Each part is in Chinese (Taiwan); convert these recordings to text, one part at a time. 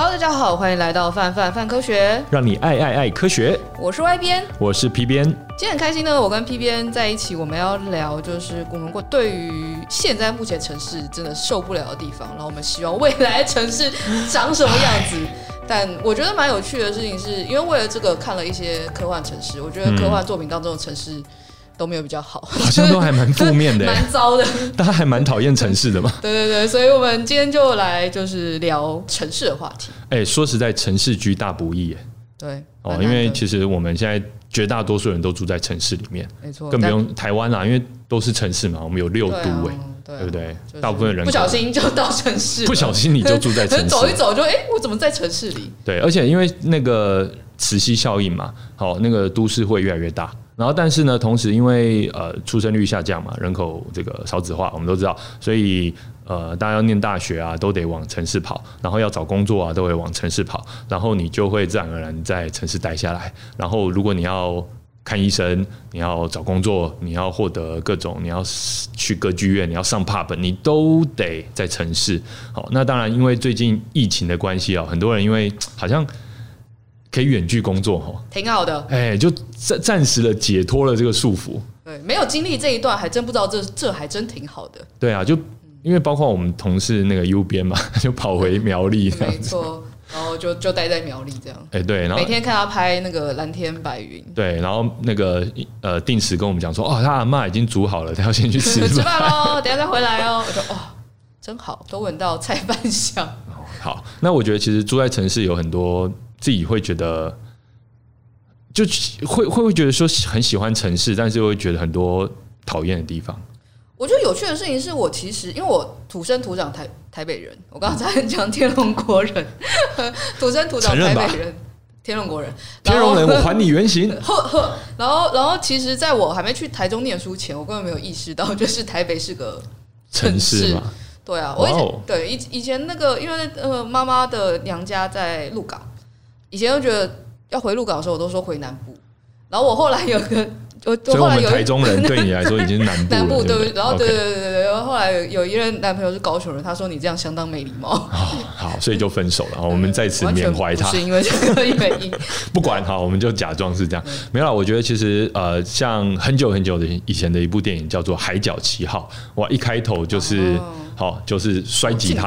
Hello，大家好，歡迎來到范范范科學，讓你愛愛愛科學。我是 y 編，我是 P 編。今天很開心呢，我跟 P 編在一起，我們要聊就是，我們過對於現在目前城市真的受不了的地方，然後我們希望未來城市長什麼樣子。 但我覺得蠻有趣的事情是，是因為為了這個看了一些科幻城市，我覺得科幻作品當中的城市。嗯都沒有比較好，好像都還蠻負面的，蠻 糟的。大家還蠻討厭城市的嘛？ 對對對，所以我們今天就來就是聊城市的話題。哎、欸，說實在，城市居大不易耶。對哦，因為其實我們現在絕大多數人都住在城市裡面，沒錯錯，更不用在台灣啦、啊，因為都是城市嘛，我們有六都哎，對，啊對，啊、對不對？就是、大部分人不小心就到城市， 不小心你就住在城市， 走一走就哎、欸，我怎麼在城市裡？對，而且因為那個磁吸效應嘛，哦，那個都市會越來越大。然後，但是呢，同時因為呃出生率下降嘛，人口這個少子化，我們都知道，所以呃，大家要念大學啊，都得往城市跑；然後要找工作啊，都得往城市跑；然後你就會自然而然在城市待下來。然後，如果你要看醫生，你要找工作，你要獲得各種，你要去歌劇院，你要上 pub，你都得在城市。好，那當然，因為最近疫情的關係啊、哦，很多人因為好像。可以遠距工作齁，挺好的。哎、欸，就暫暫時的解脫了這個束縛。對，沒有經歷這一段，還真不知道這這還真挺好的。對啊，就因為包括我們同事那個 U 編嘛，就跑回苗栗，嗯，沒錯，然後就就待在苗栗這樣。哎、欸，對，然後每天看他拍那個藍天白雲。對，然後那個呃，定時跟我們講說，哦，他阿媽已經煮好了，他要先去吃飯 吃飯等下再回來哦，喔。我說，哦，真好，都聞到菜飯香，哦。好，那我覺得其實住在城市有很多。自己會覺得，就會會不會覺得說很喜歡城市，但是又會覺得很多討厭的地方。我覺得有趣的事情是我其實因為我土生土長台台北人，我剛才講天龍國人，土生土長台北人，天龍國人，天龍人我還你原形，然後然後其實在我還沒去台中念書前，我根本沒有意識到，就是台北是個城市嘛。對啊，我以前對以以前那個因為呃媽媽的娘家在鹿港。以前都覺得要回鹿港的時候，我都說回南部。然後我後來有個，我，我後來有台中人對你來說已經是南, 南部，對不對？然後對對對對 Okay. 然後後來有一任男朋友是高雄人，他說你這樣相當沒禮貌，好，好，所以就分手了。我們再次緬懷他，嗯、是因為這個原因。 不管對好，我們就假裝是這樣。對沒有啦，我覺得其實呃，像很久很久的以前的一部電影叫做《海角七號》，哇，一開頭就是、哦。好，就是摔吉他，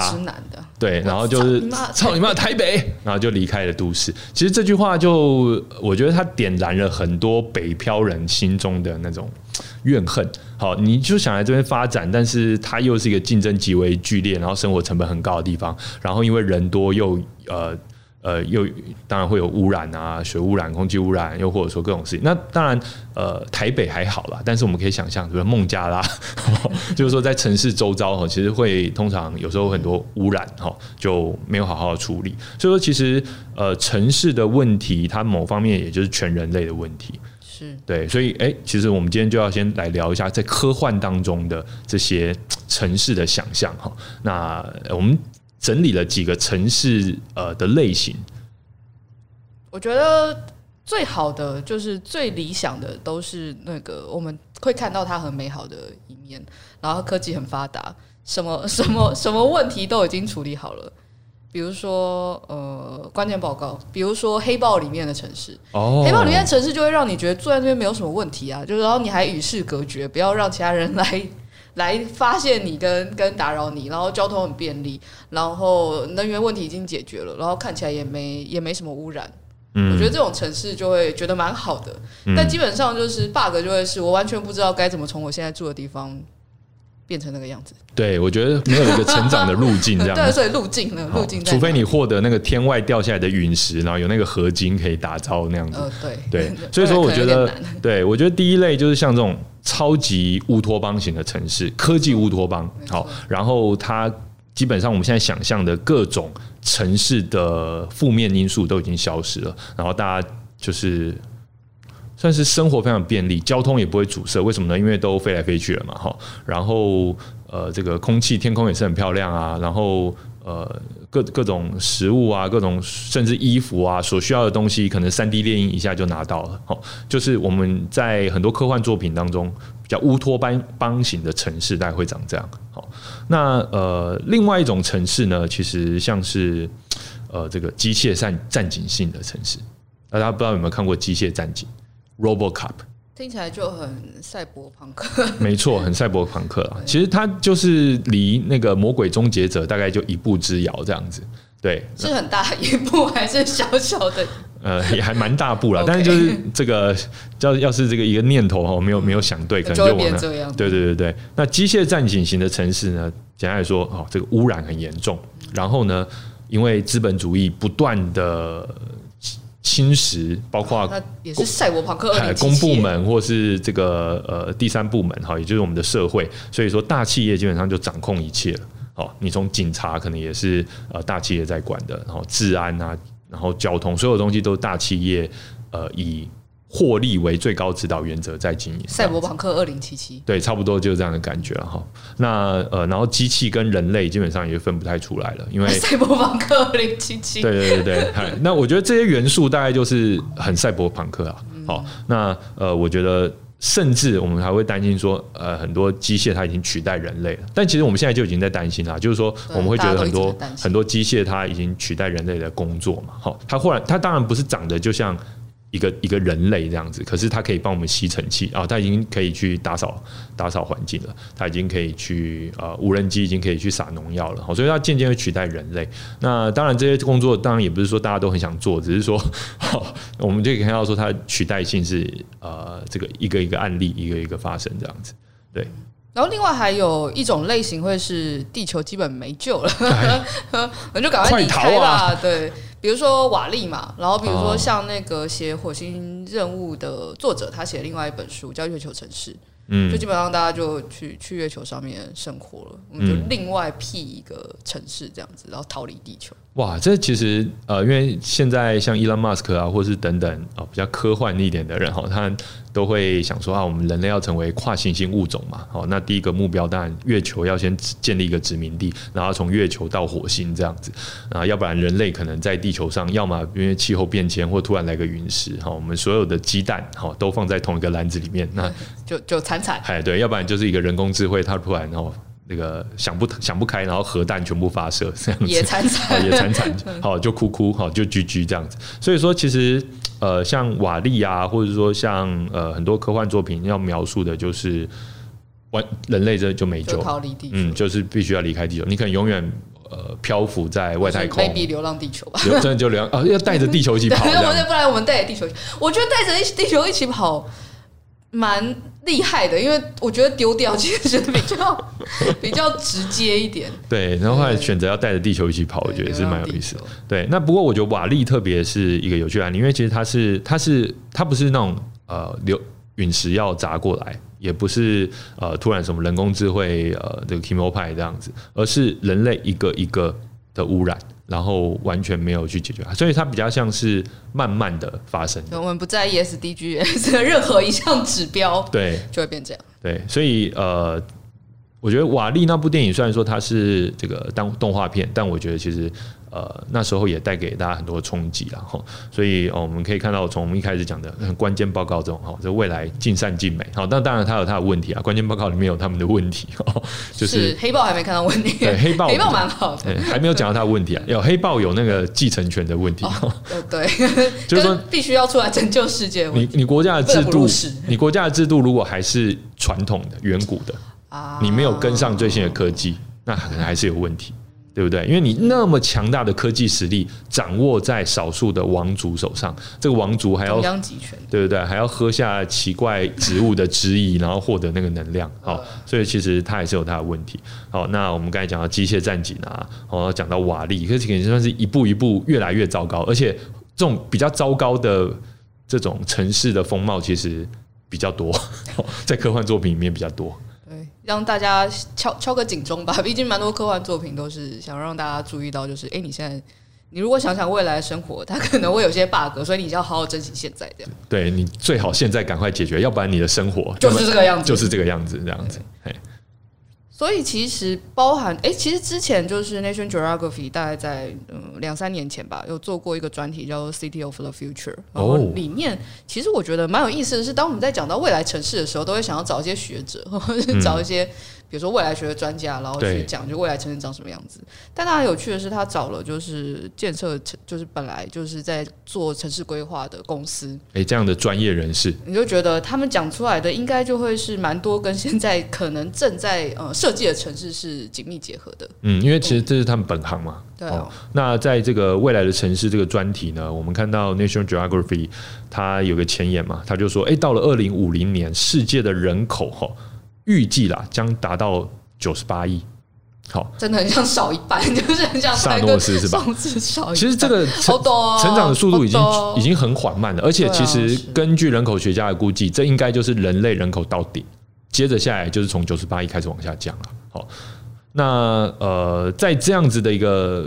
對，然後就是操你媽台、台北，然後就離開了都市。其實這句話就，我覺得它點燃了很多北漂人心中的那種怨恨。好，你就想來這邊發展，但是它又是一個競爭極為劇烈，然後生活成本很高的地方，然後因為人多又呃。呃，又當然會有污染啊，水污染、空氣污染，又或者說各種事情。那當然，呃，台北還好啦，但是我們可以想象，比如孟加拉，好不好 就是說在城市周遭哈，其實會通常有時候很多污染哈、喔，就沒有好好處理。所以說，其實呃，城市的問題，它某方面也就是全人類的問題，是對。所以，誒、欸，其實我們今天就要先來聊一下在科幻當中的這些城市的想象哈、喔。那、欸、我們。整理了幾個城市，呃的類型。我覺得最好的就是最理想的都是那個，我們會看到它很美好的一面，然後科技很發達，什麼什麼什麼問題都已經處理好了。比如說，呃，關鍵報告，比如說《黑豹》裡面的城市，哦，《黑豹》裡面的城市就會讓你覺得坐在那邊沒有什麼問題啊，就是然後你還與世隔絕，不要讓其他人來。來發現你跟跟打擾你，然後交通很便利，然後能源問題已經解決了，然後看起來也沒也沒什麼污染。嗯，我覺得這種城市就會覺得蠻好的。嗯，但基本上就是 bug 就會是我完全不知道該怎麼從我現在住的地方。變成那個樣子，對，我覺得沒有一個成長的路徑，這樣子 對，所以路徑，沒有路徑好，除非你獲得那個天外掉下來的隕石，然後有那個合金可以打造的那樣子，呃、對對。所以說，我覺得，對我覺得第一類就是像這種超級烏托邦型的城市，科技烏托邦，好，然後它基本上我們現在想象的各種城市的負面因素都已經消失了，然後大家就是。算是生活非常便利，交通也不會阻塞。為什麼呢？因為都飛來飛去了嘛，哈、喔。然後，呃，這個空氣天空也是很漂亮啊。然後，呃，各各種食物啊，各種甚至衣服啊，所需要的東西，可能三 D 列印一下就拿到了。好、喔，就是我們在很多科幻作品當中，比較烏托邦邦型的城市，大概會長這樣。喔、那呃，另外一種城市呢，其實像是呃這個機械戰戰警型的城市，大家不知道有沒有看過《機械戰警》。Robo Cup 聽起來就很賽博朋克，沒錯，很賽博朋克啊！對其實它就是離那個魔鬼終結者大概就一步之遙這樣子，對，是很大一步還是小小的？ 呃，也還蠻大步了， 但是就是這個要要是這個一個念頭哈，沒有、嗯、沒有想對，可能就變這樣，對對對對。那機械戰警型的城市呢？簡單來說，哦，這個污染很嚴重，然後呢，因為資本主義不斷的。侵蝕，包括那、啊、也是賽博朋克，公公部門或是這個呃第三部門哈，也就是我們的社會。所以說大企業基本上就掌控一切了。好，你從警察可能也是呃大企業在管的，然後治安啊，然後交通，所有的東西都是大企業呃以獲利為最高指導原則，在經營。賽博朋克二零七七，對，差不多就是這樣的感覺哈。那呃，然後機器跟人類基本上也分不太出來了，因為賽博朋克二零七七，對對對對，對。那我覺得這些元素大概就是很賽博朋克啊。好，那呃，我覺得甚至我們還會擔心說，呃，很多機械它已經取代人類了。但其實我們現在就已經在擔心啦，就是說我們會覺得很多很多機械它已經取代人類的工作嘛。哈，它忽然它當然不是長得就像。一個一個人類這樣子，可是它可以幫我們吸塵器啊，它、哦、已經可以去打掃打掃環境了，它已經可以去呃，無人機已經可以去撒農藥了，所以它漸漸會取代人類。那當然這些工作當然也不是說大家都很想做，只是說、哦、我們就可以看到說它取代性是呃這個一個一個案例一個一個發生這樣子，對。然後另外還有一種類型會是地球基本沒救了、哎呀，我 就趕快，快逃開、啊、啦，對。比如說瓦力嘛，然後比如說像那個寫《火星任務》的作者，他寫另外一本書叫《月球城市》，嗯，就基本上大家就去去月球上面生活了，我們就另外闢一個城市這樣子，然後逃離地球。嗯、哇，這其實呃，因為現在像伊隆馬斯克啊，或是等等啊，比較科幻一點的人哈，他。都會想說啊，我們人類要成為跨行星物種嘛？好、哦，那第一個目標當然月球要先建立一個殖民地，然後從月球到火星這樣子啊，要不然人類可能在地球上，要麼因為氣候變遷，或突然來個隕石，哈、哦，我們所有的雞蛋，哈、哦，都放在同一個籃子裡面，那就就慘慘。哎，對，要不然就是一個人工智慧，它突然哦，那、這個想不想不開，然後核彈全部發射這樣子，也慘慘、哦，也慘慘，好、 哦、就哭哭，好、哦、就鞠鞠這樣子。所以說其實。呃，像瓦力啊，或者說像呃很多科幻作品要描述的，就是完，人類真的就沒救，就逃離地球，嗯，就是必須要離開地球，你可能永遠呃漂浮在外太空，maybe 流浪地球吧，真的就流浪啊、哦，要帶着地， 地，地球一起跑，不然我們帶着地球，我覺得帶着一地球一起跑，蠻厲害的，因為我覺得丟掉其實覺得比較 比較直接一點。對，然後後來選擇要帶着地球一起跑，嗯、我覺得也是蠻有意思的。對，對，那不過我覺得瓦力特別是一個有趣的案例，因為其實它是它是它不是那種呃流隕石要砸過來，也不是呃突然什麼人工智慧呃這個 k i m o 這樣子，而是人類一個一個的污染。然後完全沒有去解決它，所以它比較像是慢慢的發生的。我們不在意 SDGs 的任何一項指標，對，對就會變這樣。對，所以呃，我覺得瓦力那部電影雖然說它是這個當動畫片，但我覺得其實。呃，那時候也帶給大家很多衝擊了哈，所以哦，我們可以看到從我們一開始講的很關鍵報告中哈，這、哦、未來盡善盡美好、哦，但當然它有它的問題啊。關鍵報告裡面有他們的問題哦，就是，是黑豹還沒看到問題，對黑豹黑豹蠻好的對，還沒有講到他的問題啊。對有黑豹有那個繼承權的問題，哦、對，就是說必須要出來拯救世界。你你國家的制度，不不你國家的制度如果還是傳統的、遠古的啊，你沒有跟上最新的科技，嗯、那可能還是有問題。對不對？因為你那麼強大的科技實力掌握在少數的王族手上，這個王族還要集權，對不對？還要喝下奇怪植物的汁液， 然後獲得那個能量。好、嗯哦，所以其實它也是有它的問題。好，那我們剛才講到機械戰警啊，我、哦、要講到瓦力，可是可能算是一步一步越來越糟糕，而且這種比較糟糕的這種城市的風貌其實比較多，嗯哦、在科幻作品裡面比較多。讓大家敲敲個警鐘吧，畢竟蠻多科幻作品都是想讓大家注意到，就是誒、欸、你現在你如果想想未來的生活，它可能會有些 bug，所以你一定要好好珍惜現在，這樣。對，你最好現在趕快解決，要不然你的生活就是這個樣子，就是這個樣子，這樣子。對對對對。所以其實包含，誒、欸，其實之前就是《National Geography》大概在嗯兩三年前吧，有做過一個專題叫做《City of the Future》，然後裡面、oh. 其實我覺得蠻有意思的是，當我們在講到未來城市的時候，都會想要找一些學者，嗯、或者是找一些。比如說未來學的專家，然後去講就未來城市長什麼樣子。對但大家有趣的是，他找了就是建設城，就是本來就是在做城市規劃的公司。哎、欸，這樣的專業人士，你就覺得他們講出來的應該就會是蠻多跟現在可能正在呃設計的城市是緊密結合的。嗯，因為其實這是他們本行嘛。嗯、對、哦哦。那在這個未來的城市這個專題呢，我們看到《National Geography》他有個前言嘛，他就說：“哎、欸，到了二零五零年，世界的人口哈。”預計啦將達到九十八億，好，真的很像少一半，就是很像薩諾斯是吧？其實這個成長的速度已經已經很緩慢了，而且其實根據人口學家的估計，這應該就是人類人口到頂。接着下來就是從九十八億開始往下降了，好。那呃，在這樣子的一個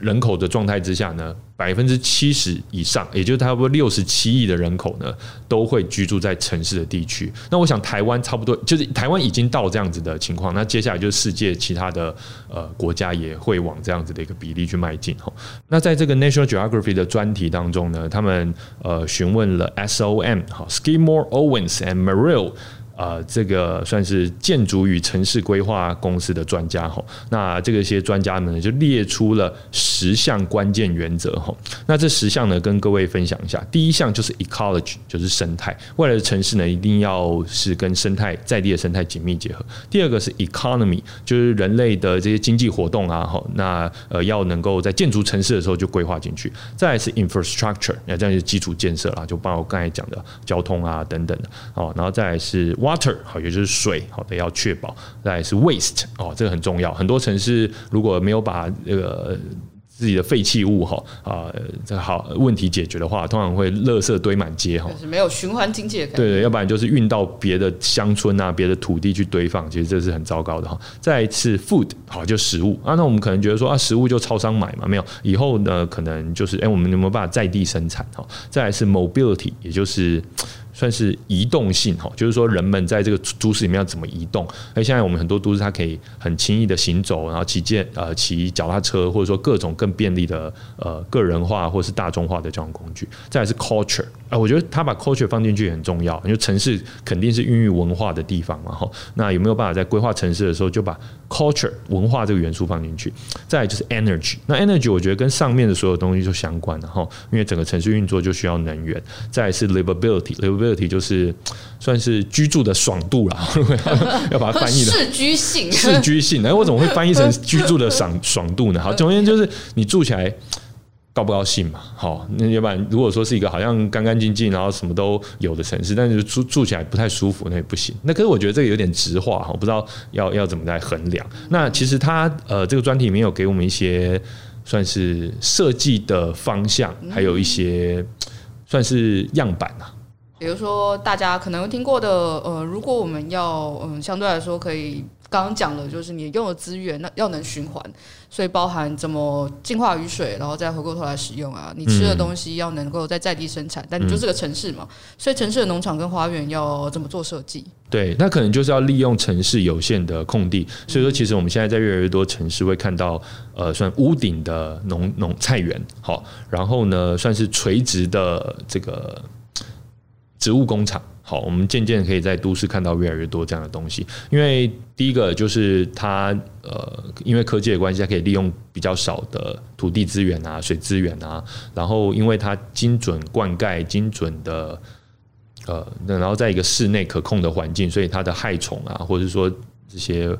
人口的狀態之下呢，百分之七十以上，也就是差不多六十七億的人口呢，都會居住在城市的地區。那我想台灣差不多就是台灣已經到這樣子的情況，那接下來就是世界其他的呃國家也會往這樣子的一個比例去邁進。哈，那在這個 National Geography 的專題當中呢，他們呃詢問了 SOM 好，Skidmore, Owings and Merrill。呃，這個算是建築與城市規劃公司的專家齁。那這個些專家們呢，就列出了十項關鍵原則齁。那這十項呢，跟各位分享一下。第一項就是 ecology，就是生態。未來的城市呢，一定要是跟生態、在地的生態緊密結合。第二個是 economy，就是人類的這些經濟活動啊。齁。那呃要能夠在建築城市的時候就規劃進去。再來是 infrastructure，那、啊、這樣就是基礎建設了，就包括剛才講的交通啊等等的。哦，然後再來是。Water，也就是水，好的，要確保；再來是 Waste 哦，這個很重要。很多城市如果沒有把這個自己的廢棄物哈啊、哦呃、好問題解決的話，通常會垃圾堆滿街哈，沒有循環經濟的感覺。對，要不然就是運到別的鄉村啊、別的土地去堆放，其實這是很糟糕的哈、哦。再來是 Food，好，就食物啊。那我們可能覺得說啊，食物就超商買嘛，沒有。以後呢，可能就是哎、欸，我們有沒有辦法在地生產哈、哦？再來是 Mobility，也就是。算是移動性哈，就是說人們在這個都市裡面要怎麼移動？哎，欸，現在我們很多都市它可以很輕易的行走，然後騎呃騎腳踏車，或者說各種更便利的呃個人化或是大眾化的這種工具。再來是 culture，呃，我覺得他把 culture 放進去也很重要，因為城市肯定是孕育文化的地方嘛哈。那有沒有辦法在規劃城市的時候就把？culture 文化這個元素放進去，再來就是 energy。那 energy 我覺得跟上面的所有東西就相關了哈，因為整個城市運作就需要能源。再來是 livability，livability 就是算是居住的爽度了， 要把它翻譯的適居性，適居性。哎，我怎麼會翻譯成居住的爽 爽度呢？好，總而言之就是你住起來。高不高興嘛？好、哦，那要不然如果說是一個好像乾乾淨淨，然後什麼都有的城市，但是住住起來不太舒服，那也不行。那可是我覺得這個有點直話，哈，我不知道要要怎麼來衡量。嗯、那其實它呃，這個專題沒有給我們一些算是設計的方向，還有一些算是樣板啊，嗯、比如說大家可能聽過的呃，如果我們要嗯，相對來說可以。剛剛講的就是你用的資源，那要能循環，所以包含怎麼淨化雨水，然後再回過頭來使用啊。你吃的東西要能夠再在，在地生產，嗯、但你就是個城市嘛，所以城市的農場跟花園要怎麼做設計？對，那可能就是要利用城市有限的空地。所以說，其實我們現在在越來越多城市會看到，呃，算屋頂的農農菜園。好，然後呢，算是垂直的這個植物工廠。好，我們漸漸可以在都市看到越來越多這樣的東西，因為第一個就是它，呃，因為科技的關係，它可以利用比較少的土地資源啊、水資源啊，然後因為它精準灌溉、精準的，呃，那然後在一個室內可控的環境，所以它的害蟲啊，或者是說這些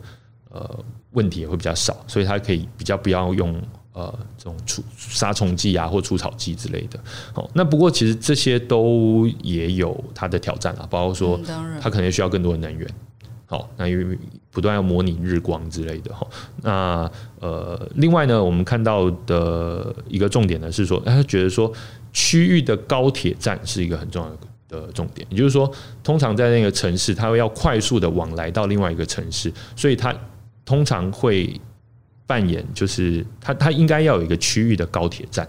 呃問題也會比較少，所以它可以比較不要用。呃，這種除殺蟲劑啊，或除草劑之類的，好，那不過其實這些都也有它的挑戰啊，包括說，它可能需要更多的能源，好，那因為不斷要模擬日光之類的，哈，那呃，另外呢，我們看到的一個重點呢是說，他覺得說區域的高鐵站是一個很重要的重點，也就是說，通常在那個城市，它會要快速的往來到另外一個城市，所以它通常會。扮演就是它，它應該要有一個區域的高鐵站。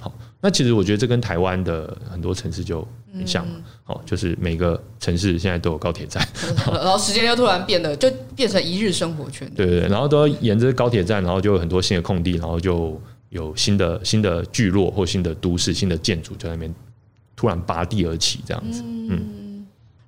好，那其實我覺得這跟台灣的很多城市就很像。好，就是每個城市現在都有高鐵站，然後時間又突然變得就變成一日生活圈。對對對，然後都沿着高鐵站，然後就有很多新的空地，然後就有新的新的聚落或新的都市、新的建築就在那邊突然拔地而起這樣子。嗯。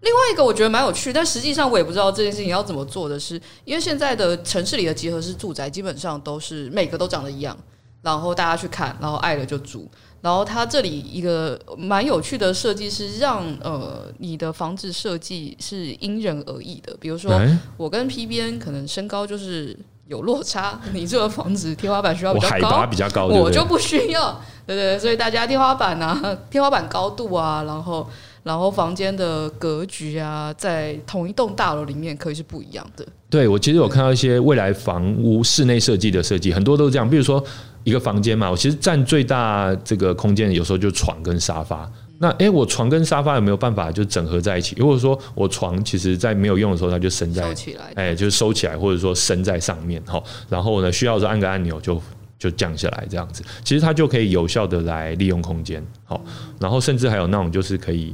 另外一個我覺得蠻有趣，但實際上我也不知道這件事情要怎麼做的是，因為現在的城市裡的集合式住宅基本上都是每個都長得一樣，然後大家去看，然後愛了就住。然後它這裡一個蠻有趣的設計是讓呃你的房子設計是因人而異的，比如說我跟 P 編可能身高就是有落差，你這個房子天花板需要比較高，比較高，我就不需要，對對對，所以大家天花板啊，天花板高度啊，然後。然後房間的格局啊，在同一棟大樓裡面可以是不一樣的。對，我其實有看到一些未來房屋室內設計的設計，很多都是這樣。比如說一個房間嘛，我其實占最大這個空間，有時候就床跟沙發。嗯、那誒、欸、我床跟沙發有沒有辦法就整合在一起？如果說我床其實在沒有用的時候，它就升在，收起來，哎，就是收起來，或者說升在上面哈、哦。然後呢，需要的時候按個按鈕就就降下來這樣子，其實它就可以有效地來利用空間好。哦嗯、然後甚至還有那種就是可以。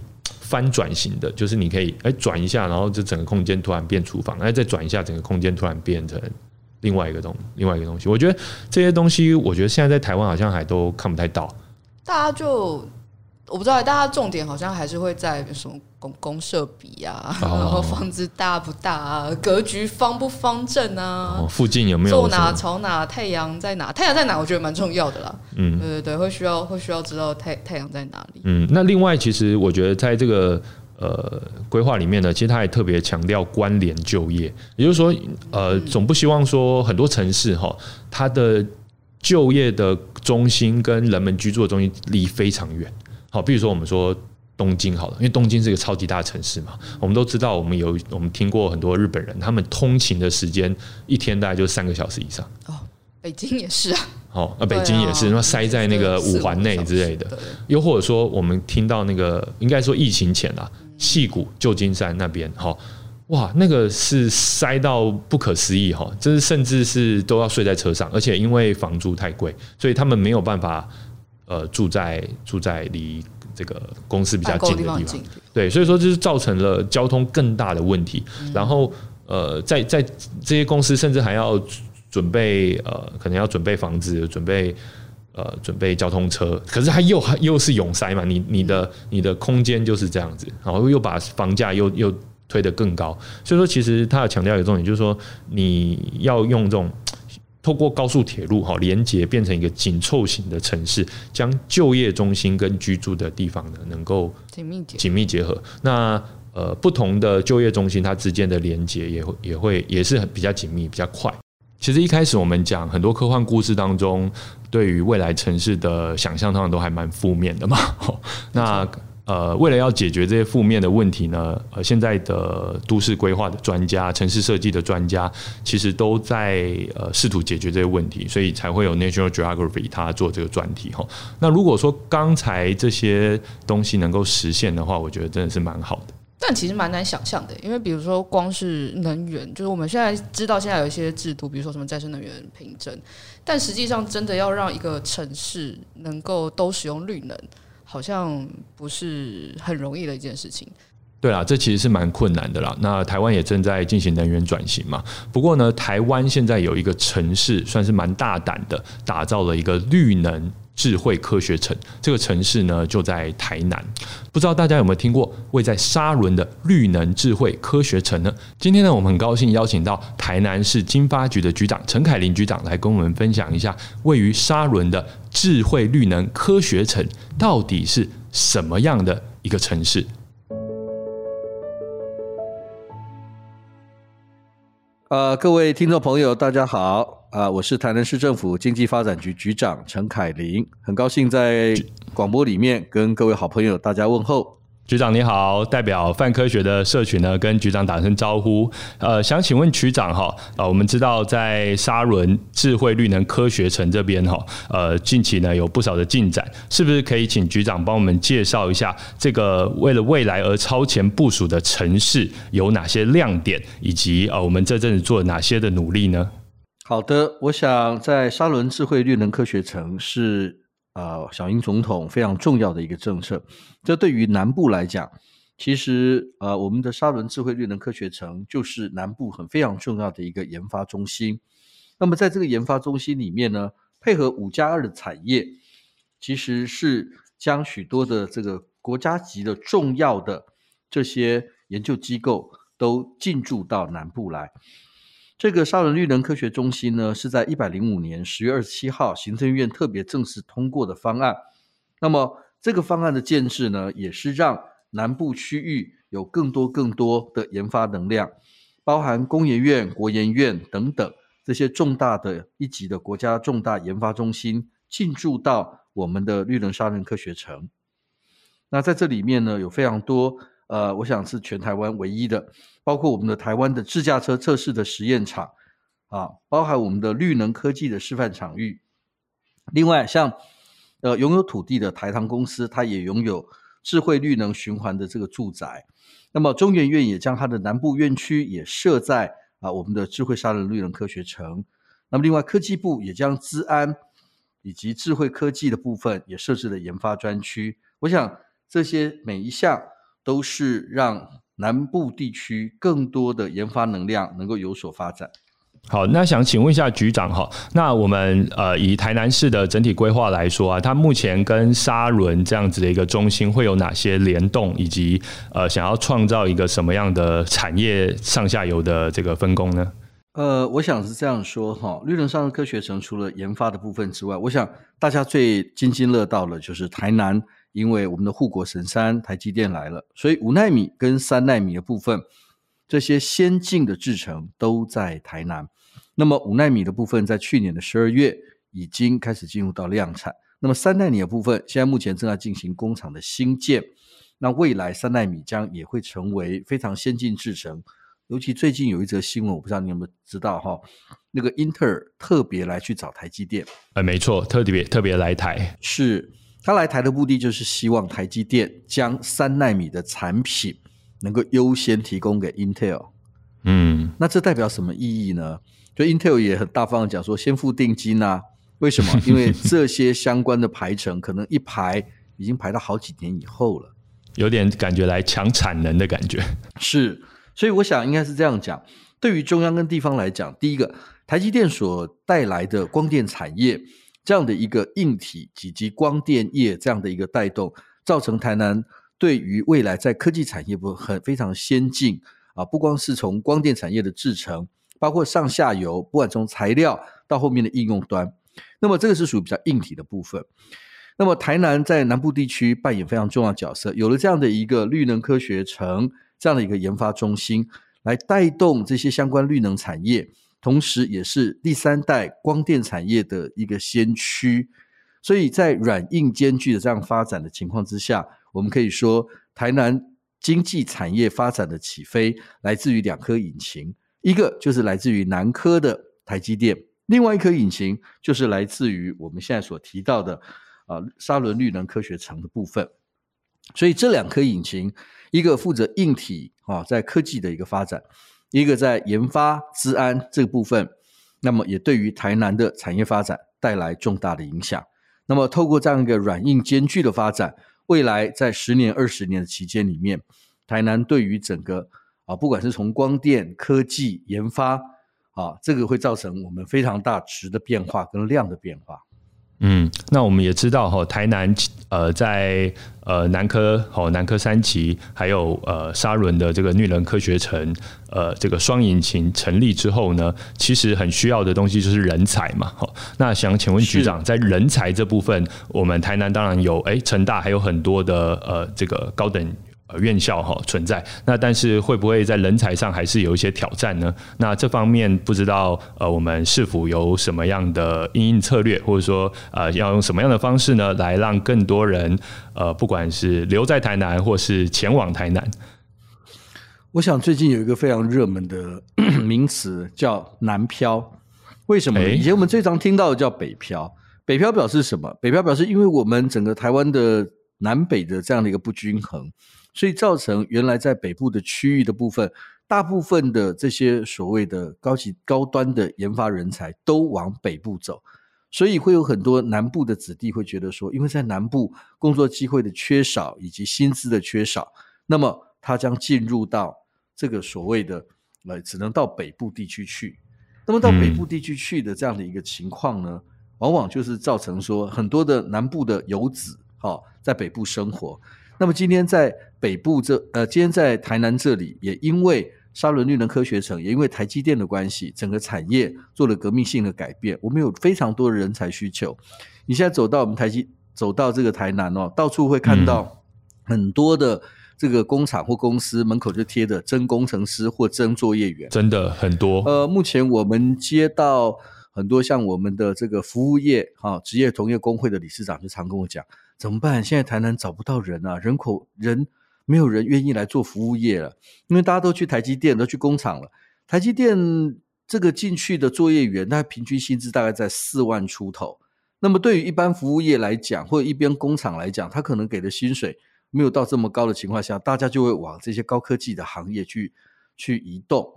翻轉型的，就是你可以哎轉一下，然後就整個空間突然變廚房，哎再轉一下，整個空間突然變成另外一個東另外一個東西。我覺得這些東西，我覺得現在在台灣好像還都看不太到，大家就。我不知道大家重點好像還是會在什麼公公設比啊，然後房子大不大啊，格局方不方正啊，哦、附近有沒有坐哪朝哪，太陽在哪？太陽在哪？我覺得蠻重要的啦。嗯，對對對，會需要會需要知道太太陽在哪裡。嗯，那另外其實我覺得在這個呃規劃裡面呢，其實它也特別強調關聯就業，也就是說，呃，嗯、總不希望說很多城市哈，它的就業的中心跟人們居住的中心離非常遠。好，比如說我們說東京好了，因為東京是一個超級大城市嘛，我們都知道，我們有我們聽過很多日本人，他們通勤的時間一天大概就三個小時以上。哦，北京也是啊哦。哦、啊、北京也是，那塞在那個五環內之類的，又或者說我們聽到那個應該說疫情前啦，矽谷、舊金山那邊，哈哇，那個是塞到不可思議哈、哦，就是甚至是都要睡在車上，而且因為房租太貴，所以他們沒有辦法。呃，住在住在離這個公司比較近的地方，對，所以說就是造成了交通更大的問題。然後，呃，在在這些公司甚至還要準備呃，可能要準備房子，準備呃，準備交通車。可是它又又是壅塞嘛你，你你的你的空間就是這樣子，然後又把房價又又推得更高。所以說，其實他的強調有重點，就是說你要用這種。透過高速鐵路哈連接，變成一個緊湊型的城市，將就業中心跟居住的地方呢，能夠緊密結合。密結合那呃，不同的就業中心它之間的連接也，也會也會也是很比較緊密、比較快。其實一開始我們講很多科幻故事當中，對於未來城市的想象，通常都還蠻負面的嘛。沒錯。那呃，為了要解決這些負面的問題呢，呃，現在的都市規劃的專家、城市設計的專家，其實都在呃試圖解決這些問題，所以才會有 National Geography 他做這個專題齁。那如果說剛才這些東西能夠實現的話，我覺得真的是蠻好的。但其實蠻難想象的，因為比如說光是能源，就是我們現在知道現在有一些制度，比如說什麼再生能源憑證，但實際上真的要讓一個城市能夠都使用綠能。好像不是很容易的一件事情。對啊，這其實是蠻困難的啦。那台灣也正在進行能源轉型嘛。不過呢，台灣現在有一個城市算是蠻大膽的，打造了一個綠能。智慧科學城這個城市呢，就在台南。不知道大家有沒有聽過位在沙崙的綠能智慧科學城呢？今天呢，我們很高興邀請到台南市經發局的局長陳凱凌局長來跟我們分享一下位於沙崙的智慧綠能科學城到底是什麼樣的一個城市。呃，各位聽眾朋友，大家好。啊、呃，我是台南市政府經濟發展局局長陳凱凌，很高興在廣播裡面跟各位好朋友大家問候。局長你好，代表泛科學的社群呢，跟局長打聲招呼。呃，想請問局長好啊、呃，我們知道在沙崙智慧綠能科學城這邊哈，呃，近期呢有不少的進展，是不是可以請局長幫我們介紹一下這個為了未來而超前部署的城市有哪些亮點，以及、呃、我們這陣子做了哪些的努力呢？好的，我想在沙崙智慧綠能科學城是呃，小英總統非常重要的一個政策。這對於南部來講，其實呃，我們的沙崙智慧綠能科學城就是南部很非常重要的一個研發中心。那麼在這個研發中心裡面呢，配合五加二的產業，其實是將許多的這個國家級的重要的這些研究機構都進駐到南部來。這個沙崙綠能科學中心呢，是在一百零五年十月二十七號行政院特別正式通過的方案。那麼，這個方案的建制呢，也是讓南部區域有更多更多的研發能量，包含工研院、國研院等等這些重大的一級的國家重大研發中心進駐到我們的綠能沙崙科學城。那在這裡面呢，有非常多。呃，我想是全台灣唯一的，包括我們的台灣的自駕車測試的實驗場，啊，包含我們的綠能科技的示範場域。另外，像呃擁有土地的台糖公司，它也擁有智慧綠能循環的這個住宅。那麼，中研院也將它的南部院區也設在啊我們的智慧沙崙綠能科學城。那麼，另外科技部也將資安以及智慧科技的部分也設置了研發專區。我想這些每一項。都是讓南部地區更多的研發能量能夠有所發展。好，那想請問一下局長哈，那我們呃以台南市的整體規劃來說啊，它目前跟沙崙這樣子的一個中心會有哪些聯動，以及呃想要創造一個什麼樣的產業上下游的這個分工呢？呃，我想是這樣說哈，綠能上的科學城除了研發的部分之外，我想大家最津津樂道的就是台南，因為我們的護國神山台積電來了，所以五奈米跟三奈米的部分，這些先進的製程都在台南。那麼五奈米的部分在去年的十二月已經開始進入到量產。那麼三奈米的部分現在目前正在進行工廠的新建。那未來三奈米將也會成為非常先進製程。尤其最近有一則新聞，我不知道你有沒有知道哈？那個英特爾特別來去找台積電。呃，沒錯，特別特別來台是。他來台的目的就是希望台積電將三奈米的產品能夠優先提供給 Intel。嗯，那這代表什麼意義呢？所以 Intel 也很大方的講說，先付定金啊。為什麼？因為這些相關的排程可能一排已經排到好幾年以後了。有點感覺來搶產能的感覺。是，所以我想應該是這樣講。對於中央跟地方來講，第一個，台積電所帶來的光電產業。這樣的一個硬體，以及光電業這樣的一個帶動，造成台南對於未來在科技產業部分很非常先進啊！不光是從光電產業的制程，包括上下游，不管從材料到後面的應用端，那麼這個是屬於比較硬體的部分。那麼台南在南部地區扮演非常重要角色，有了這樣的一個綠能科學城，這樣的一個研發中心，來帶動這些相關綠能產業。同時，也是第三代光電產業的一個先驅，所以在軟硬兼具的這樣發展的情況之下，我們可以說，台南經濟產業發展的起飛來自於兩顆引擎，一個就是來自於南科的台積電，另外一顆引擎就是來自於我們現在所提到的啊沙崙綠能科學城的部分。所以這兩顆引擎，一個負責硬體啊，在科技的一個發展。一個在研發、資安這個部分，那麼也對於台南的產業發展帶來重大的影響。那麼透過這樣一個軟硬兼具的發展，未來在十年、二十年的期間裡面，台南對於整個啊，不管是從光電科技研發啊，這個會造成我們非常大質的變化跟量的變化。嗯，那我們也知道哈、哦，台南呃，在呃南科哦南科三期，還有呃沙崙的這個綠能科學城，呃這個雙引擎成立之後呢，其實很需要的東西就是人才嘛。好、哦，那想請問局長，是在人才這部分，我們台南當然有，哎、欸，成大還有很多的呃這個高等。呃、院校齁存在，那但是會不會在人才上還是有一些挑戰呢？那這方面不知道，呃，我們是否有什麼樣的因應策略，或者說，呃，要用什麼樣的方式呢，來讓更多人，呃、不管是留在台南，或是前往台南？我想最近有一個非常熱門的咳咳名詞叫南漂，為什麼？欸、以前我們最常聽到的叫北漂，北漂表示什麼？北漂表示，因為我們整個台灣的南北的這樣的一個不均衡。所以造成原來在北部的區域的部分，大部分的這些所謂的高級高端的研發人才都往北部走，所以會有很多南部的子弟會覺得說，因為在南部工作機會的缺少以及薪資的缺少，那麼他將進入到這個所謂的，呃，只能到北部地區去。那麼到北部地區去的這樣的一個情況呢，往往就是造成說很多的南部的游子哈，在北部生活。那麼今天在北部這呃，今天在台南這裡，也因為沙崙綠能科學城，也因為台積電的關係，整個產業做了革命性的改變。我們有非常多的人才需求。你現在走到我們台積，走到這個台南哦，到處會看到很多的這個工廠或公司門口就貼著徵工程師或徵作業員，真的很多。呃，目前我們接到很多像我們的這個服務業哈職業同業工會的理事長就常跟我講。怎麼辦？現在台南找不到人啊，人口，人，沒有人願意來做服務業了，因為大家都去台積電，都去工廠了。台積電這個進去的作業員，他平均薪資大概在四萬出頭。那麼對於一般服務業來講，或者一邊工廠來講，他可能給的薪水沒有到這麼高的情況下，大家就會往這些高科技的行業去，去移動。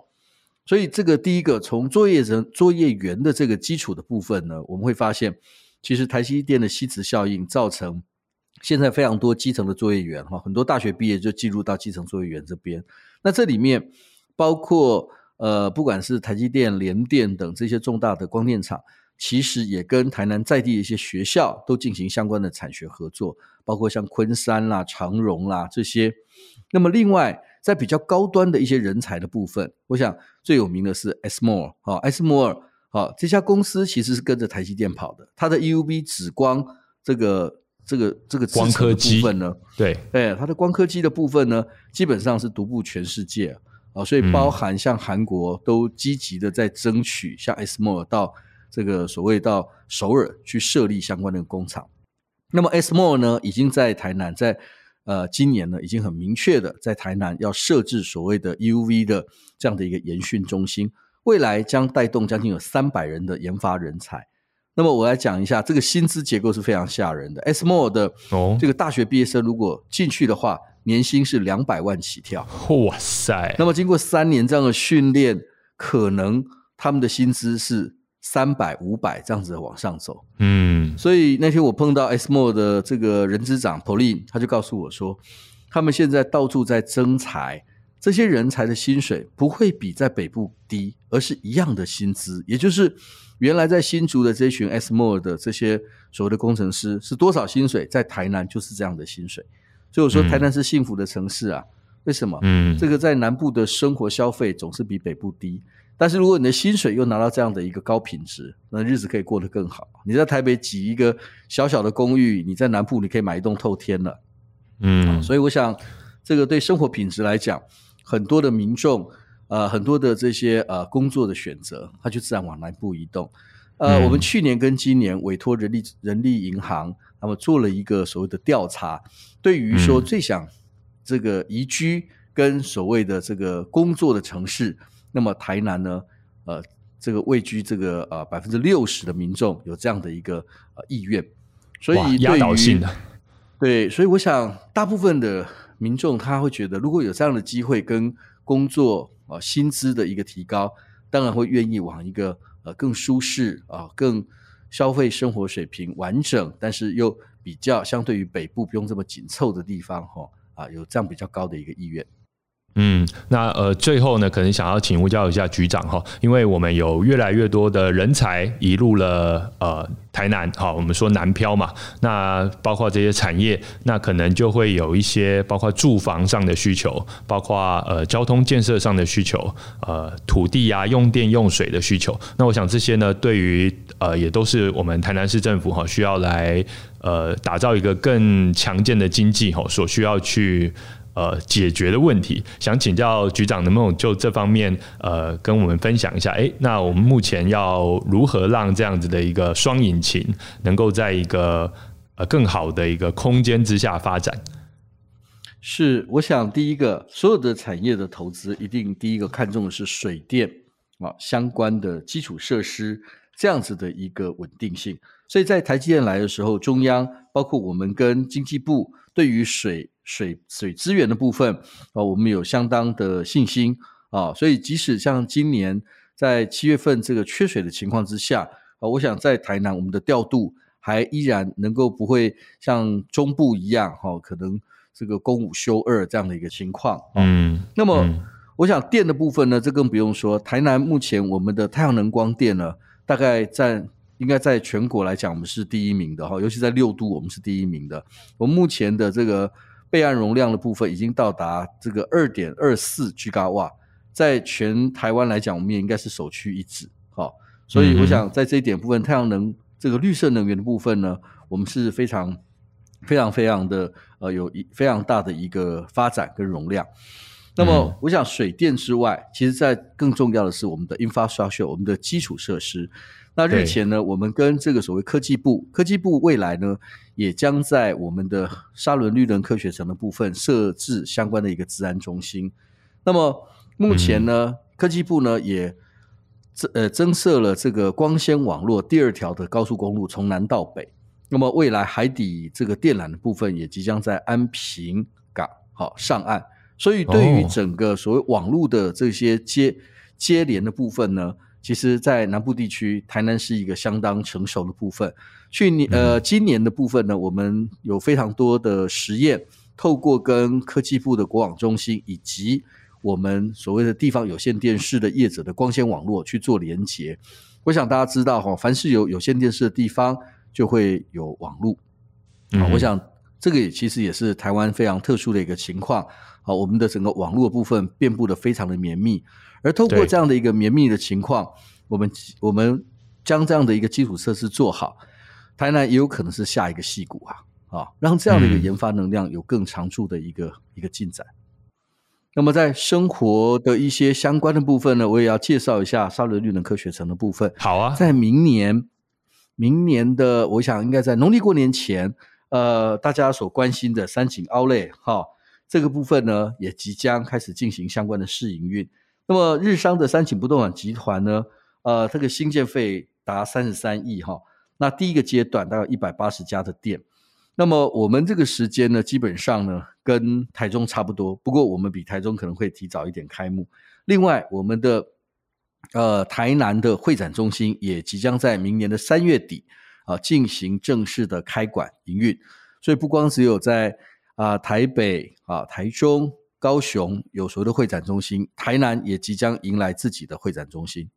所以這個第一個從作業人作業員的這個基礎的部分呢，我們會發現，其實台積電的吸磁效應造成。現在非常多基層的作業員，很多大學畢業就進入到基層作業員這邊。那這裡面包括呃，不管是台積電、聯電等這些重大的光電廠，其實也跟台南在地的一些學校都進行相關的產學合作，包括像昆山啦、長榮啦這些。那麼另外在比較高端的一些人才的部分，我想最有名的是 ASML，哦、啊，ASML，哦、啊，這家公司其實是跟着台積電跑的，它的 EUV 紫光這個。這個這個光刻機的部分呢，對，哎，它的光刻機的部分呢，基本上是獨步全世界啊，所以包含像韓國都積極的在爭取像，嗯、像 SMO 到這個所謂到首爾去設立相關的工廠。那麼 SMO 呢，已經在台南，在呃今年呢，已經很明確的在台南要設置所謂的 UV 的這樣的一個研訓中心，未來將帶動將近有三百人的研發人才。那麼我來講一下這個薪資結構是非常嚇人的。ASML 的這個大學畢業生如果進去的話，oh. 年薪是兩百萬起跳。Oh, 哇塞！那麼經過三年這樣的訓練，可能他們的薪資是三百、五百這樣子的往上走。嗯，mm. 所以那天我碰到 ASML 的這個人資長 Pauline，他就告訴我說，他們現在到處在徵才，這些人才的薪水不會比在北部低，而是一樣的薪資，也就是。原來在新竹的這群 ASML 的這些所謂的工程師是多少薪水？在台南就是這樣的薪水，所以我說台南是幸福的城市啊，嗯、為什麼？嗯、這個在南部的生活消費總是比北部低，但是如果你的薪水又拿到這樣的一個高品質，那日子可以過得更好。你在台北擠一個小小的公寓，你在南部你可以買一棟透天了，嗯、啊，所以我想這個對生活品質來講，很多的民眾。呃，很多的這些呃工作的選擇，它就自然往南部移動。呃，嗯、我們去年跟今年委託人力人力銀行，那麼做了一個所謂的調查，對於說最想這個移居跟所謂的這個工作的城市，嗯、那麼台南呢，呃，這個位居這個呃百分之六十的民眾有這樣的一個呃意願，所以壓倒性的，對，所以我想大部分的民眾他會覺得，如果有這樣的機會跟。工作啊，薪資的一個提高，當然會願意往一個呃更舒適啊、更消費生活水平完整，但是又比較相對於北部不用這麼緊湊的地方，哈、哦、啊，有這樣比較高的一個意願。嗯，那呃，最後呢，可能想要請教一下局長哈、哦，因為我們有越來越多的人才移入了呃台南哈、哦，我們說南漂嘛，那包括這些產業，那可能就會有一些包括住房上的需求，包括呃交通建設上的需求，呃土地呀、啊、用電用水的需求，那我想這些呢，對於呃也都是我們台南市政府哈、哦、需要來呃打造一個更強健的經濟哈、哦，所需要去。呃，解決的問題，想請教局長，能不能就這方面呃，跟我們分享一下？哎，那我們目前要如何讓這樣子的一個雙引擎能夠在一個呃更好的一個空間之下發展？是，我想第一個，所有的產業的投資一定第一個看重的是水電啊相關的基礎設施這樣子的一個穩定性。所以在台積電來的時候，中央包括我們跟經濟部。對於水水水資源的部分啊、呃，我們有相當的信心啊，所以即使像今年在七月份這個缺水的情況之下啊，我想在台南我們的調度還依然能夠不會像中部一樣哈、啊，可能這個供五休二這樣的一個情況啊嗯。嗯，那麼我想電的部分呢，這更不用說，台南目前我們的太陽能光電呢，大概占。應該在全國來講，我們是第一名的哈，尤其在六都，我們是第一名的。我們目前的這個備案容量的部分，已經到達這個二點二四 Gigawatt，在全台灣來講，我們也應該是首屈一指。所以我想在這一點部分，嗯、太陽能這個綠色能源的部分呢，我們是非常、非常、非常的呃有一非常大的一個發展跟容量。那麼，我想水電之外，其實在更重要的是我們的 infrastructure，我們的基礎設施。那日前呢，我們跟這個所謂科技部，對科技部未來呢，也將在我們的沙崙綠能科學城的部分設置相關的一個治安中心。那麼目前呢，嗯、科技部呢也增、呃增設了這個光纖網絡第二條的高速公路，從南到北。那麼未來海底這個電纜的部分也即將在安平港好、哦、上岸。所以對於整個所謂網絡的這些接、哦、接連的部分呢，其實，在南部地區，台南是一個相當成熟的部分。去年、呃，今年的部分呢，我們有非常多的實驗，透過跟科技部的國網中心以及我們所謂的地方有線電視的業者的光纖網絡去做連接。我想大家知道哈，凡是有有線電視的地方，就會有網絡。Mm-hmm. 啊、我想這個也其實也是台灣非常特殊的一個情況。啊、我們的整個網絡的部分遍布得非常的綿密。而透過這樣的一個綿密的情況對，我們我們將這樣的一個基礎設施做好，台南也有可能是下一個矽谷啊！啊、哦，讓這樣的一個研發能量有更長足的一個、嗯、一個進展。那麼在生活的一些相關的部分呢，我也要介紹一下沙崙綠能科學城的部分。好啊，在明年明年的，我想應該在農曆過年前，呃，大家所關心的三井 Outlet 哈、哦、這個部分呢，也即將開始進行相關的試營運。那麼日商的三井不動產集團呢，呃，這個新建費達三十三億哈、哦。那第一個階段大概一百八十家的店。那麼我們這個時間呢，基本上呢，跟台中差不多，不過我們比台中可能會提早一點開幕。另外，我們的呃，台南的會展中心也即將在明年的三月底啊、呃、進行正式的開館營運。所以不光只有在啊、呃、台北啊、呃、台中，高雄有所謂的會展中心，台南也即將迎來自己的會展中心。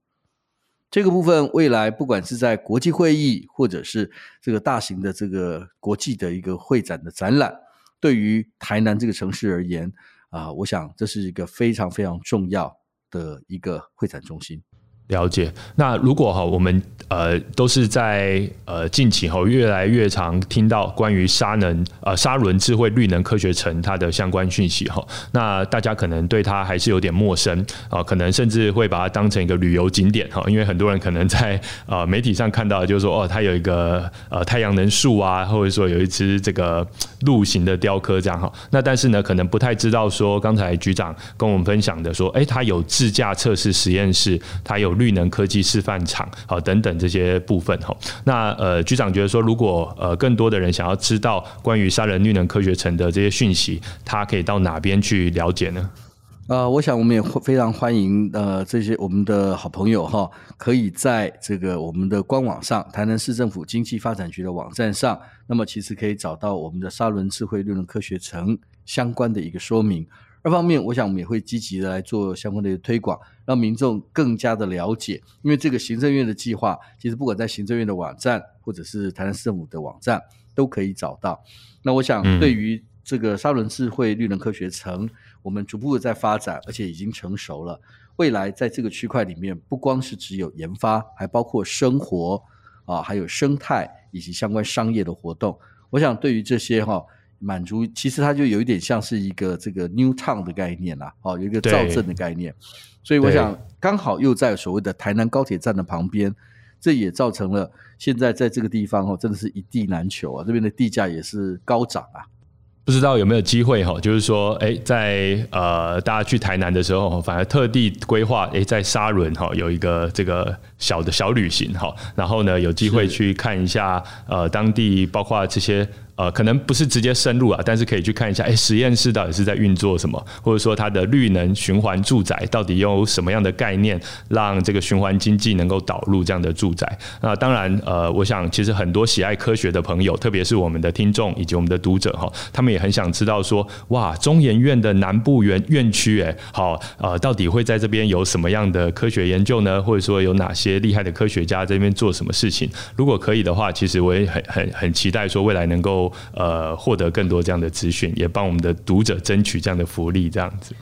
這個部分未來，不管是在國際會議，或者是這個大型的這個國際的一個會展的展覽，對於台南這個城市而言，啊，我想這是一個非常非常重要的一個會展中心。了解，那如果哈，我們呃都是在呃近期哈越來越常聽到關於沙能呃沙崙智慧綠能科學城它的相關訊息哈、哦，那大家可能對它還是有點陌生啊、哦，可能甚至會把它當成一個旅遊景點哈、哦，因為很多人可能在呃媒體上看到的就是說哦，它有一個呃太陽能樹啊，或者說有一隻這個鹿形的雕刻這樣哈、哦，那但是呢，可能不太知道說剛才局長跟我們分享的說，哎、欸，它有自駕測試實驗室，它有。綠能科技示範場，好，等等這些部分哈。那呃，局長覺得說，如果呃更多的人想要知道關於沙崙綠能科學城的這些訊息，他可以到哪邊去了解呢？啊、呃，我想我們也非常歡迎呃這些我們的好朋友哈、哦，可以在這個我們的官網上，台南市政府經濟發展局的網站上，那麼其實可以找到我們的沙崙智慧綠能科學城相關的一個說明。二方面，我想我們也會積極的來做相關的一些推廣，讓民眾更加的了解。因為這個行政院的計劃，其實不管在行政院的網站，或者是台南市政府的網站，都可以找到。那我想，對於這個沙崙智慧綠能科學城，我們逐步的在發展，而且已經成熟了。未來在這個區塊裡面，不光是只有研發，還包括生活啊，還有生態以及相關商業的活動。我想，對於這些哈。哦滿足，其實它就有一點像是一個這個 New Town 的概念啦，哦，有一個造鎮的概念，對所以我想剛好又在所謂的台南高鐵站的旁邊，這也造成了現在在這個地方哦，真的是一地難求啊，這邊的地價也是高漲啊。不知道有沒有機會，就是說哎、欸，在呃大家去台南的時候，反而特地規劃哎在沙崙有一個這個小的小旅行，然後呢有機會去看一下是呃當地包括這些。呃，可能不是直接深入啊，但是可以去看一下，哎，實驗室到底是在運作什麼，或者說它的綠能循環住宅到底用什麼樣的概念，讓這個循環經濟能夠導入這樣的住宅。那當然，呃，我想其實很多喜愛科學的朋友，特別是我們的聽眾以及我們的讀者哈、哦，他們也很想知道說，哇，中研院的南部院院區，哎，好，呃，到底會在這邊有什麼樣的科學研究呢？或者說有哪些厲害的科學家在這邊做什麼事情？如果可以的話，其實我也很很很期待說未來能夠。呃，獲得更多這樣的資訊，也幫我們的讀者爭取這樣的福利，這樣子。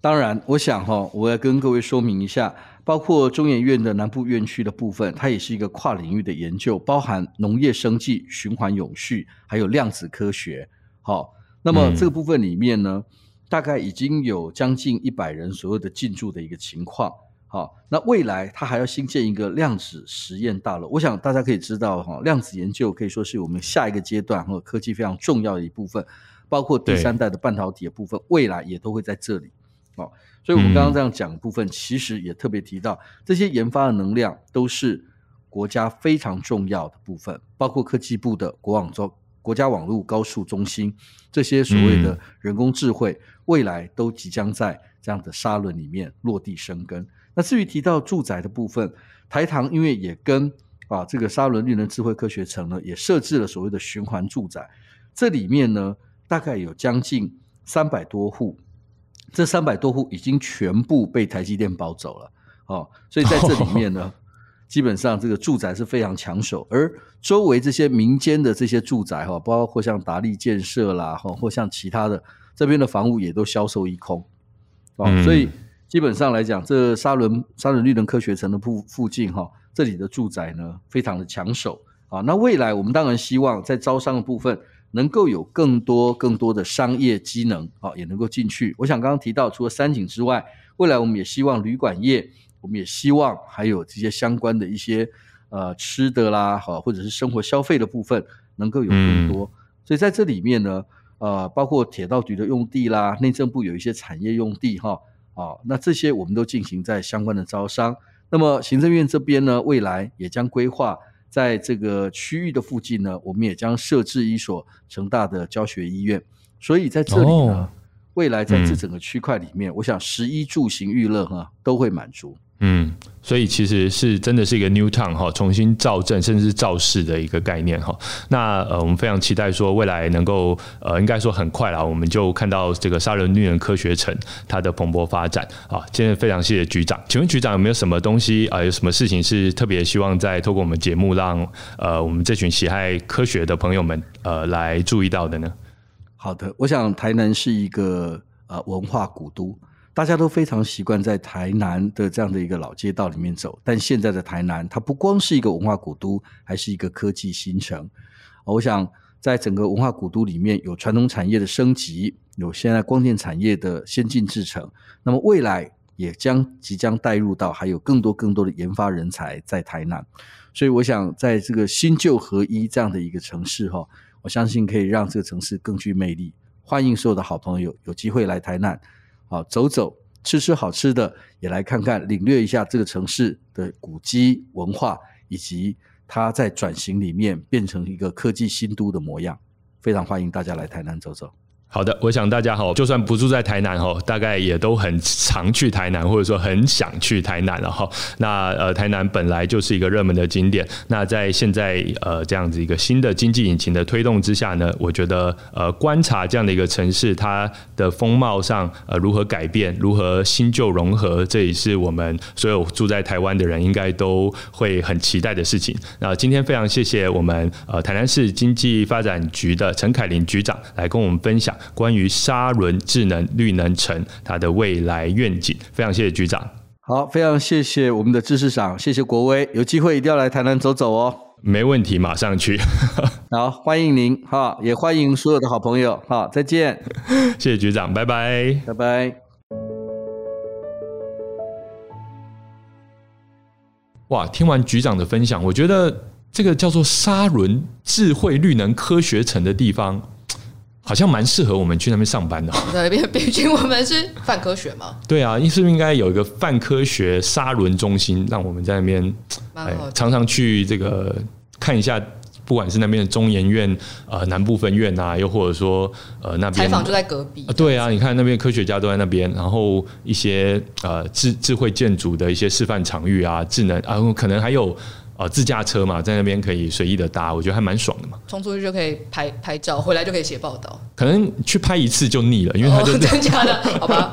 當然，我想哈、哦，我要跟各位說明一下，包括中研院的南部院區的部分，它也是一個跨領域的研究，包含農業生技循環永續，還有量子科學。好、哦，那麼這個部分裡面呢，嗯、大概已經有將近一百人所有的進駐的一個情況。好、哦，那未來它還要新建一個量子實驗大樓。我想大家可以知道，哈、哦，量子研究可以說是我們下一個階段和、哦、科技非常重要的一部分，包括第三代的半導體的部分，對未來也都會在這裡。好、哦，所以我們剛剛這樣講的部分，嗯、其實也特別提到這些研發的能量都是國家非常重要的部分，包括科技部的國網中，國家網絡高速中心這些所謂的人工智慧，嗯、未來都即將在這樣的沙崙裡面落地生根。那至於提到住宅的部分，台糖，因為也跟啊這個沙崙綠能智慧科學城呢，也設置了所謂的循環住宅，這裡面呢大概有將近三百多戶，這三百多戶已經全部被台積電包走了，哦，所以在這裡面呢，哦、基本上這個住宅是非常搶手，而周圍這些民間的這些住宅哈、哦，包括像達利建設啦哈、哦，或像其他的這邊的房屋也都銷售一空，哦，所以。嗯基本上來講，這沙崙沙崙綠能科學城的附附近哈，這裡的住宅呢非常的搶手啊。那未來我們當然希望在招商的部分能夠有更多更多的商業機能啊，也能夠進去。我想剛剛提到，除了三井之外，未來我們也希望旅館業，我們也希望還有這些相關的一些呃吃的啦，或者是生活消費的部分能夠有更多。所以在這裡面呢，呃，包括鐵道局的用地啦，內政部有一些產業用地哈。啊啊、哦，那這些我們都進行在相關的招商。那麼行政院這邊呢，未來也將規劃在這個區域的附近呢，我們也將設置一所成大的教學醫院。所以在這裡呢，哦、未來在這整個區塊裡面，嗯、我想食衣住行育樂啊都會滿足。嗯，所以其實是真的是一個 new town 重新造鎮，甚至造市的一個概念。那呃，我們非常期待說未來能夠呃，應該說很快啦，我們就看到這個沙崙綠能科學城它的蓬勃發展啊。今天非常謝謝局長，請問局長有沒有什麼東西啊、呃，有什麼事情是特別希望再透過我們節目讓呃我們這群喜愛科學的朋友們呃來注意到的呢？好的，我想台南是一個呃文化古都。大家都非常習慣在台南的這樣的一個老街道裡面走，但現在的台南，它不光是一個文化古都，還是一個科技新城。我想，在整個文化古都裡面，有傳統產業的升級，有現在光電產業的先進製程，那麼未來也將即將帶入到還有更多更多的研發人才在台南。所以，我想在這個新舊合一這樣的一個城市哈，我相信可以讓這個城市更具魅力。歡迎所有的好朋友有機會來台南。好，走走，吃吃好吃的，也來看看，領略一下這個城市的古蹟文化，以及它在轉型裡面變成一個科技新都的模樣，非常歡迎大家來台南走走。好的，我想大家好，就算不住在台南哈，大概也都很常去台南，或者說很想去台南了哈。那呃，台南本來就是一個熱門的景點。那在現在呃這樣子一個新的經濟引擎的推動之下呢，我覺得呃觀察這樣的一個城市，它的風貌上呃如何改變，如何新舊融合，這也是我們所有住在台灣的人應該都會很期待的事情。那今天非常謝謝我們呃台南市經濟發展局的陳凱凌局長來跟我們分享。關於沙崙智能綠能城它的未來願景，非常謝謝局長。好，非常謝謝我們的知識長，謝謝國威，有機會一定要來台南走走哦。沒問題，馬上去。 好，歡迎您哈，也歡迎所有的好朋友，好，再見。 謝謝局長，拜拜，拜拜。哇，聽完局長的分享，我覺得這個叫做沙崙智慧綠能科學城的地方，好像蠻適合我們去那邊上班的。在那邊，畢竟我們是泛科學嘛。對啊，是不是應該有一個泛科學沙崙中心，讓我們在那邊哎常常去這個看一下，不管是那邊的中研院呃南部分院啊，又或者說呃那邊採訪就在隔壁。對啊，你看那邊科學家都在那邊，然後一些呃智智慧建築的一些示範場域啊，智能啊，可能還有。啊、哦，自駕車嘛，在那邊可以隨意的搭，我覺得還蠻爽的嘛。衝出去就可以拍拍照，回來就可以寫報道。可能去拍一次就膩了，因為他就真假的好吧？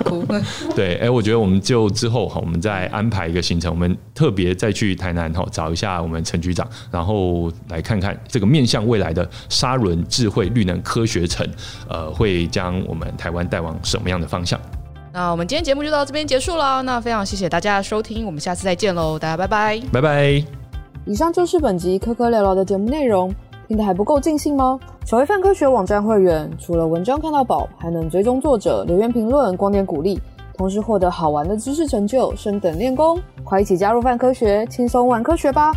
對，哎、欸，我覺得我們就之後哈，我們再安排一個行程，我們特別再去台南哈，找一下我們陳局長，然後來看看這個面向未來的沙崙智慧綠能科學城，呃，會將我們台灣帶往什麼樣的方向？那我們今天節目就到這邊結束了，那非常謝謝大家的收聽，我們下次再見嘍，大家拜拜，拜拜。以上就是本集科科聊聊的節目內容，聽得還不夠盡興嗎？成為泛科學網站會員，除了文章看到飽，還能追蹤作者、留言評論、光點鼓勵，同時獲得好玩的知識成就、升等練功。快一起加入泛科學，輕鬆玩科學吧！